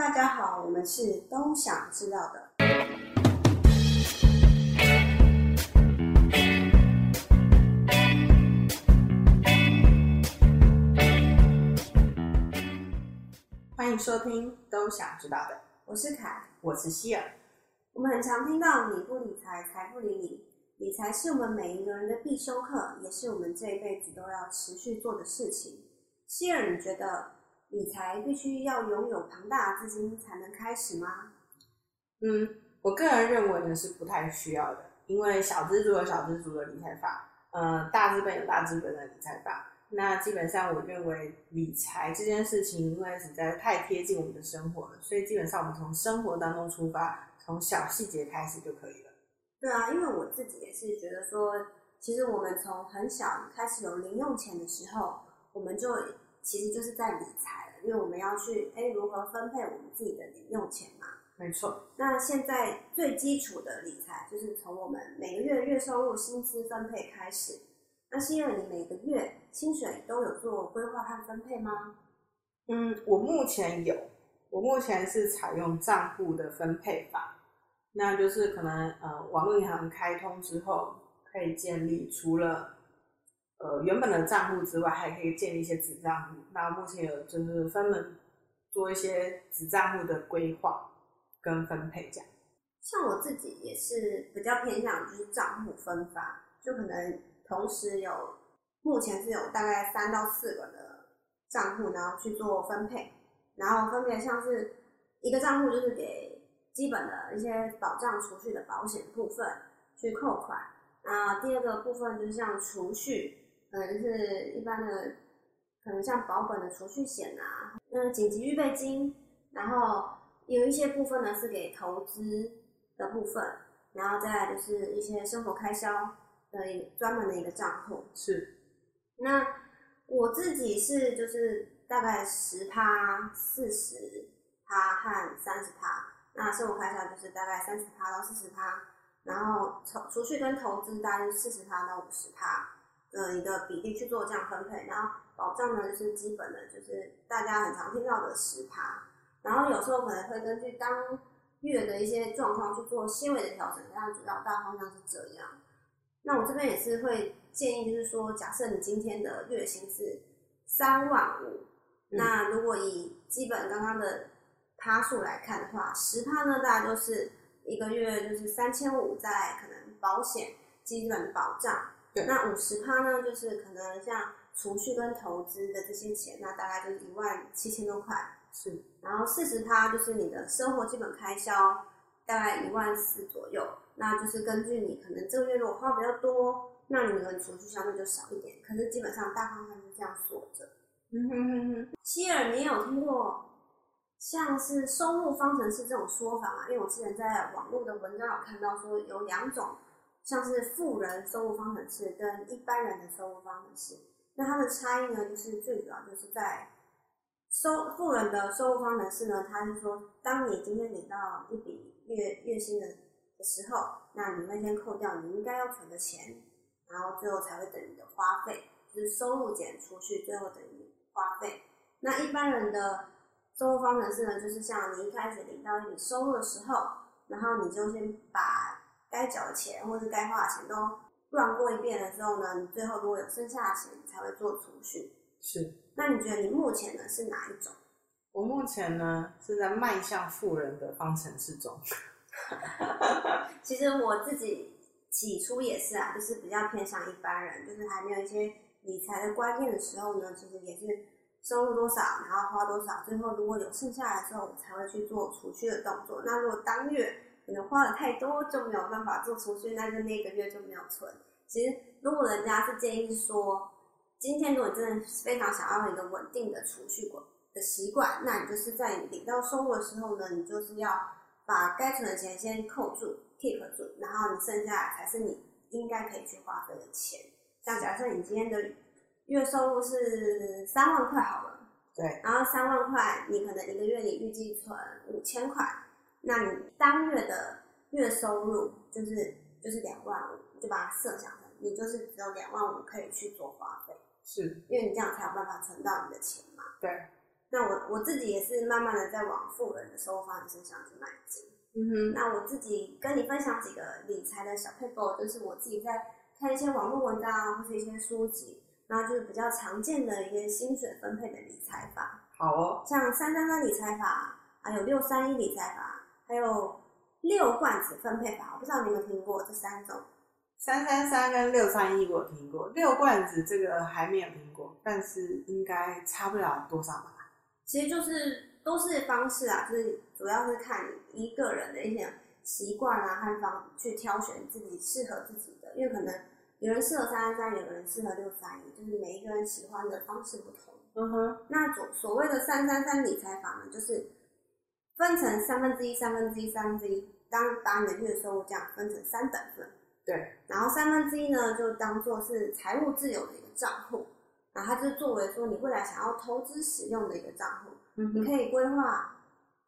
大家好，我們是都想知道的。歡迎收聽都想知道的，我是凱，我是希爾。我們很常聽到“你不理財，財不理你”，理財是我們每一個人的必修課，也是我們這一輩子都要持續做的事情。希爾，你覺得？理財必須要擁有龐大資金才能開始嗎？嗯，我個人認為呢是不太需要的，因為小資族有小資族的理財法，呃，大資本有大資本的理財法。那基本上我認為理財這件事情，因為實在太貼近我們的生活了，所以基本上我們從生活當中出發，從小細節開始就可以了。對啊，因為我自己也是覺得說，其實我們從很小開始有零用錢的時候，我們就。其實就是在理財了，因為我們要去誒如何分配我們自己的零用錢嘛。沒錯。那現在最基礎的理財就是從我們每個月月收入薪資分配開始。那是因為你每個月薪水都有做規劃和分配嗎？嗯，我目前有，我目前是採用賬戶的分配法，那就是可能呃網絡銀行開通之後可以建立除了。呃，原本的賬戶之外，還可以建立一些子賬戶。那目前有就是專門做一些子賬戶的規劃跟分配這樣。像我自己也是比較偏向就是賬戶分發，就可能同時有目前是有大概三到四個的賬戶，然後去做分配。然後分別像是一個賬戶就是給基本的一些保障儲蓄的保險部分去扣款，那第二個部分就是像儲蓄。可能就是一般的，可能像保本的儲蓄險啊，那緊急預備金，然後有一些部分呢是給投資的部分，然後再來就是一些生活開銷的一專門的一個賬戶。是，那我自己是就是大概十趴、四十趴和三十趴，那生活開銷就是大概三十趴到四十趴，然後儲儲蓄跟投資大概就是四十趴到五十趴。呃、你的一個比例去做這樣分配，然後保障，呢就是基本的，就是大家很常聽到的十趴，然後有時候可能會根據當月的一些狀況去做細微的調整，但主要大方向是這樣。那我這邊也是會建議，就是說，假設你今天的月薪是三萬五、嗯，那如果以基本剛剛的趴數來看的話，十趴呢大概就是一個月就是三千五，再可能保險基本保障。那五十趴呢，就是可能像儲蓄跟投資的這些錢，那大概就是一萬七千多塊。是，然後四十趴就是你的生活基本開銷，大概一萬四左右。那就是根據你可能這個月如果花比較多，那你的儲蓄相對就少一點。可是基本上大方向是這樣鎖着。嗯哼哼哼。希爾，你有聽過像是收入方程式這種說法嗎？因為我之前在網絡的文章有看到說有兩種。像是富人收入方程式跟一般人的收入方程式，那它的差異呢，就是最主要就是在收富人的收入方程式呢，它是說，當你今天領到一筆月月薪的時候，那你會先扣掉你應該要存的錢，然後最後才會等你的花費，就是收入減出去，最後等於花費。那一般人的收入方程式呢，就是像你一開始領到一筆收入的時候，然後你就先把該繳的錢或是該花的錢都亂過一遍的時候呢，你最後如果有剩下的錢，你才會做儲蓄。是。那你覺得你目前呢是哪一種？我目前呢是在邁向富人的方程式中。 其實我自己起初也是啊，就是比較偏向一般人，就是還沒有一些理財的觀念的時候呢，其實也是收入多少然後花多少，最後如果有剩下來之後，我才會去做儲蓄的動作。那如果當月。你花了太多就沒有辦法做儲蓄，那就那個月就沒有存。其實，如果人家是建議說，今天如果真的非常想要一個穩定的儲蓄管的習慣，那你就是在你領到收入的時候呢，你就是要把該存的錢先扣住、keep 住，然後你剩下才是你應該可以去花費的錢。像假設你今天的月收入是三萬塊好了，對，然後三萬塊，你可能一個月你預計存五千塊。那你當月的月收入就是就是兩萬五，就把它設想成你就是只有兩萬五可以去做花費，是因為你這樣才有辦法存到你的錢嘛？對。那我我自己也是慢慢的在往富人的生活方式這樣去邁進。嗯哼。那我自己跟你分享幾個理財的小配角，就是我自己在看一些網絡文章或是一些書籍，然後就是比較常見的一個薪水分配的理財法。好哦。像三三三理財法，還有六三一理財法。還有六罐子分配法，我不知道你有沒有聽過這三種，三三三跟六三一我有聽過，六罐子這個還沒有聽過，但是應該差不了多少吧？其實就是都是方式啊，就是主要是看你一個人的一些習慣啊，和方去挑選自己適合自己的，因為可能有人適合三三三，有人適合六三一，就是每一個人喜歡的方式不同。嗯哼、uh，huh. 那所所謂的三三三理財法呢，就是。分成三分之一、三分之一、三分之一。當把每個月收入這樣分成三等份，對。然後三分之一呢，就當做是財務自由的一個賬戶，然後它就作為說你未來想要投資使用的一個賬戶，嗯，你可以規劃，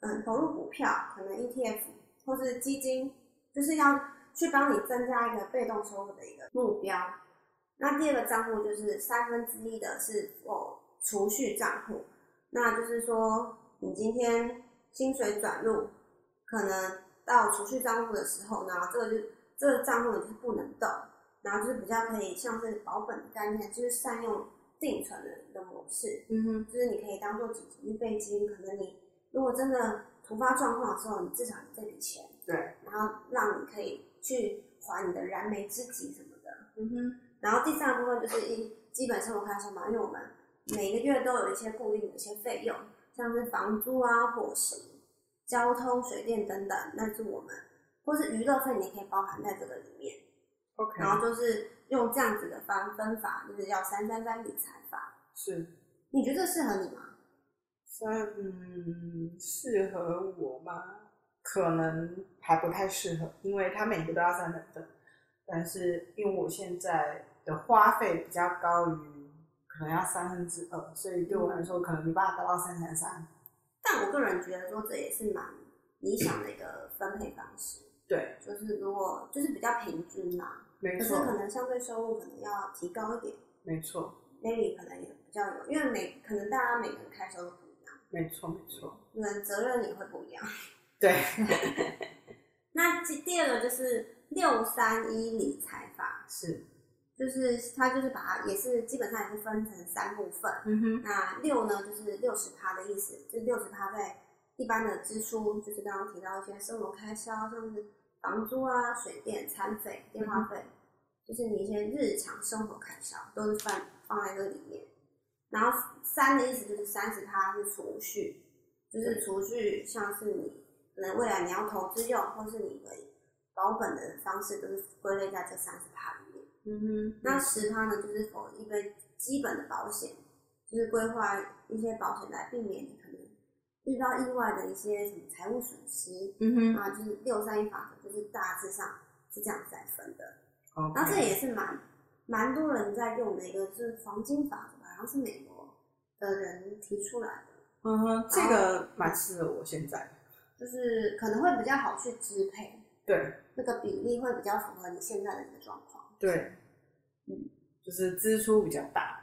嗯，投入股票、可能 ETF 或是基金，就是要去幫你增加一個被動收入的一個目標。那第二個賬戶就是三分之一的是儲蓄賬戶，那就是說你今天。薪水轉入，可能到儲蓄賬戶的時候呢，這個就這個賬戶就是不能動，然後就是比較可以像是保本概念，就是善用定存的一個模式，嗯哼，就是你可以當做緊急預備金，可能你如果真的突發狀況之後，你至少有這筆錢，對，然後讓你可以去還你的燃眉之急什麼的，嗯哼，然後第三個部分就是一，基本上我看什麼，因為我們每個月都有一些固定的一些費用。像是房租啊，伙食、交通、水電等等，那是我們，或是娛樂費，你可以包含在這個裡面。OK。然後就是用這樣子的方分法，就是要三三三理財法。是。你覺得適合你嗎？三，嗯，適合我嗎？可能還不太適合，因為他每個都要三等分。但是因為我現在的花費比較高於。可能要三分之二，所以對我來說，嗯、可能沒辦法得到三三三。但我個人覺得說，這也是蠻理想的一個分配方式。對，就是如果就是比較平均嘛。沒錯錯。可是可能相對收入可能要提高一點。沒錯錯。那你可能也比較有，因為每可能大家每年開銷都不一樣。沒錯，沒錯。可能責任也會不一樣。對。 那第第二個就是六三一理財法，是。就是他就是把它也是基本上也是分成三部分，嗯、哼那六呢，就是六十趴的意思，就六十趴在一般的支出，就是剛剛提到一些生活開銷，像是房租啊、水電、餐費、電話費，嗯、哼就是你一些日常生活開銷都是放放在這裡面。然後三的意思就是三十趴是儲蓄，就是儲蓄像是你可能未來你要投資用，或是你的保本的方式，都是歸類在這三十趴裡面。嗯哼，嗯那十趴呢，就是投，一個基本的保險，就是規劃一些保險來避免你可能遇到意外的一些什麼財務損失。嗯哼，啊，就是六三一法則，就是大致上是這樣子來分的。哦，那這也是蠻蠻多人在用的一個，就是黃金法則吧，好像是美國的人提出來的。嗯哼，這個蠻適合我現在，就是可能會比較好去支配。對，那個比例會比較符合你現在人的一個狀況。對。嗯，就是支出比較大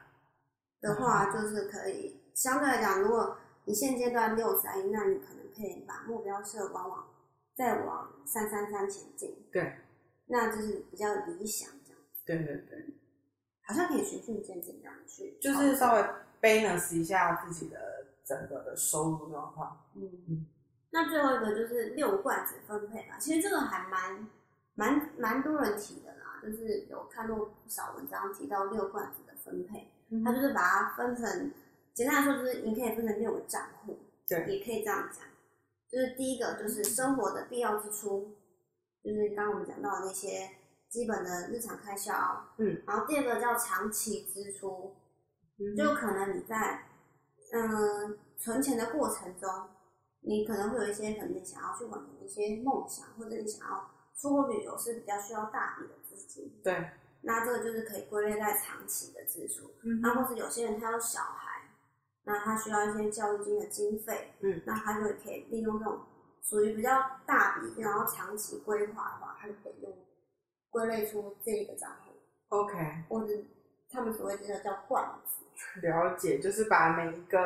的話，就是可以、嗯、相對來講，如果你現階段六三一，那你可能可以把目標設往往再往三三三前進。對，那就是比較理想這樣子。對對對，好像可以循序漸進這樣去，就是稍微 balance 一下自己的整個的收入狀況。嗯嗯。嗯，那最後一個就是六罐子分配吧，其實這個還蠻。蠻蠻多人提的啦，就是有看過不少文章提到六罐子的分配，它就是把它分成，簡單來說就是你可以分成六個賬戶，對，也可以這樣講，就是第一個就是生活的必要支出，就是剛剛我們講到的那些基本的日常開銷，嗯，然後第二個叫長期支出，嗯、就可能你在，嗯、呃，存錢的過程中，你可能會有一些可能你想要去完成一些夢想，或者你想要。出國旅遊是比較需要大筆的資金，對，那這個就是可以歸類在長期的支出。嗯，那或是有些人他有小孩，那他需要一些教育金的經費，嗯，那他就可以利用這種屬於比較大筆，然後長期規劃的話，他就可以用歸類出這個賬戶，OK，或者他們所謂這個叫罐子。了解，就是把每一個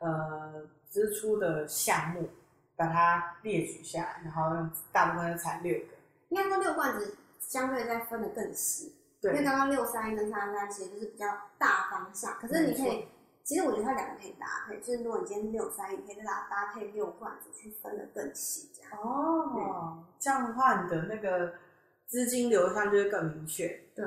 呃支出的項目把它列舉下來，然後大部分才六個。應該說六罐子相對再分的更細，對因為剛剛六三一跟三三三其實就是比較大方向，可是你可以，錯其實我覺得它兩個可以搭配，就是如果你今天六三一，你可以再搭配六罐子去分的更細。哦，對這樣的話你的那個資金流向就會更明確。對，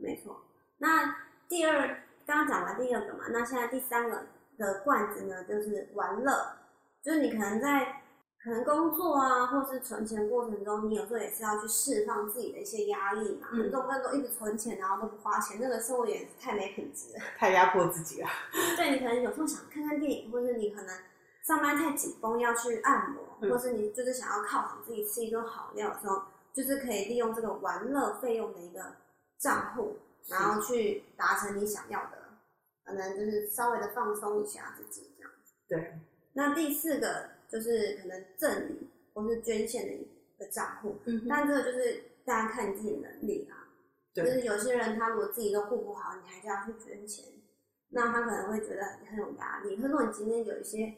沒錯。那第二，剛剛講完第二個嘛，那現在第三個的罐子呢，就是玩樂，就是你可能在。可能工作啊，或是存錢過程中，你有時候也是要去釋放自己的一些壓力嘛。很多不能一直存錢然後都不花錢，那個生活也太沒品質了。太壓迫自己了。對，你可能有時候想看看電影，或是你可能上班太緊繃要去按摩，嗯，或是你就是想要犒賞自己吃一頓好料的時候，就是可以利用這個玩樂費用的一個賬戶，是然後去達成你想要的，可能就是稍微的放鬆一下自己這樣子。對。那第四個。就是可能贈禮或是捐獻的一個賬戶，嗯、哼但這個就是大家看你自己的能力啊，對就是有些人他如果自己都顧不好，你還是要去捐錢，那他可能會覺得很有壓力。可是如果你今天有一些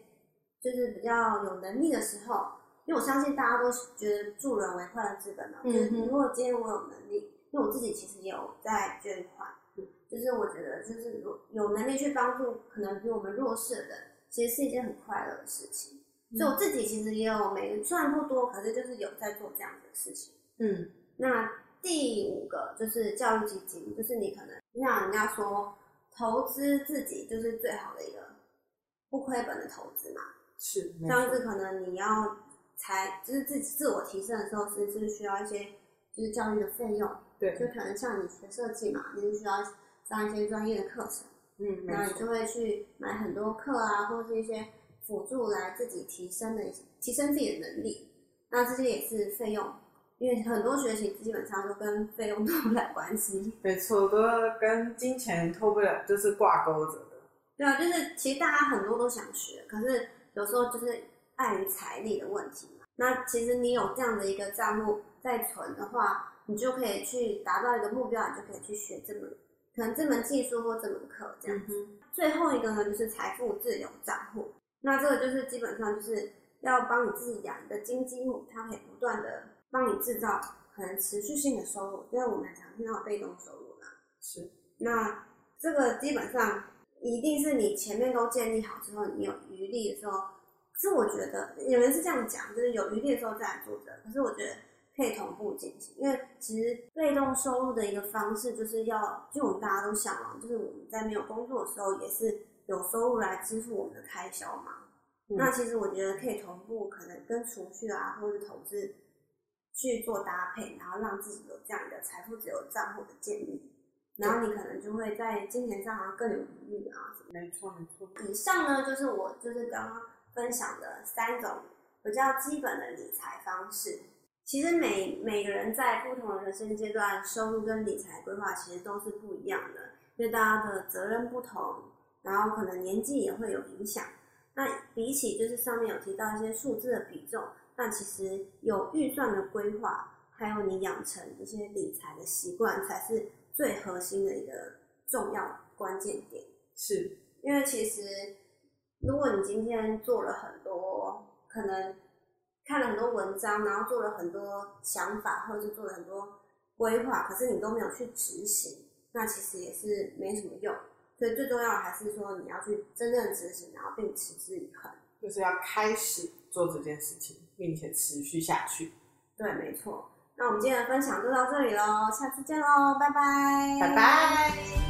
就是比較有能力的時候，因為我相信大家都是覺得助人為快樂之本嘛。嗯、哼就是如果今天我有能力，因為我自己其實也有在捐款，嗯、就是我覺得就是如果有能力去幫助可能比我們弱勢的人，其實是一件很快樂的事情。嗯、所以我自己其實也有沒，每雖然不多，可是就是有在做這樣子的事情。嗯，那第五個就是教育基金，就是你可能你像人家說投資自己就是最好的一個不虧本的投資嘛。是。這樣子可能你要才就是自己自我提升的時候，其實是需要一些就是教育的費用。對。就可能像你學設計嘛，你是需要上一些專業的課程。嗯，然後你就會去買很多課啊，或者一些。輔助來自己提升的，提升自己的能力，那這些也是費用，因為很多學習基本上都跟費用都脫不了關係。沒錯，都跟金錢脫不了，就是掛鈎着的。對啊，就是其實大家很多都想學，可是有時候就是礙於財力的問題嘛。那其實你有這樣的一個賬戶在存的話，你就可以去達到一個目標，你就可以去學這門，可能這門技術或這門課這樣。嗯、哼最後一個呢，就是財富自由賬戶。那這個就是基本上就是要幫你自己養一個金雞母，它可以不斷的幫你制造可能持續性的收入，因為我們很常聽到被動收入嘛是。那這個基本上一定是你前面都建立好之後，你有餘力的時候。是，我覺得有人是這樣講，就是有餘力的時候再來做這。可是我覺得可以同步進行，因為其實被動收入的一個方式就是要，就我們大家都嚮往，就是我們在沒有工作的時候也是。有收入來支付我們的開銷嘛。嗯、那其實我覺得可以同步，可能跟儲蓄啊，或者投資去做搭配，然後讓自己有這樣的財富自由賬戶的建議，然後你可能就會在金錢上啊更有餘裕啊。沒錯，沒錯。以上呢，就是我就是剛剛分享的三種比較基本的理財方式。其實每每個人在不同的人生階段，收入跟理財規劃其實都是不一樣的，因為大家的責任不同。然後可能年紀也會有影響。那比起就是上面有提到一些數字的比重，那其實有預算的規劃，還有你養成一些理財的習慣，才是最核心的一個重要關鍵點。是，因為其實如果你今天做了很多，可能看了很多文章，然後做了很多想法，或者是做了很多規劃，可是你都沒有去執行，那其實也是沒什麼用。所以最重要的還是說，你要去真正執行，然後並持之以恆。就是要開始做這件事情，並且持續下去。對，沒錯。那我們今天的分享就到這裡嘍，下次見嘍，拜拜，拜拜。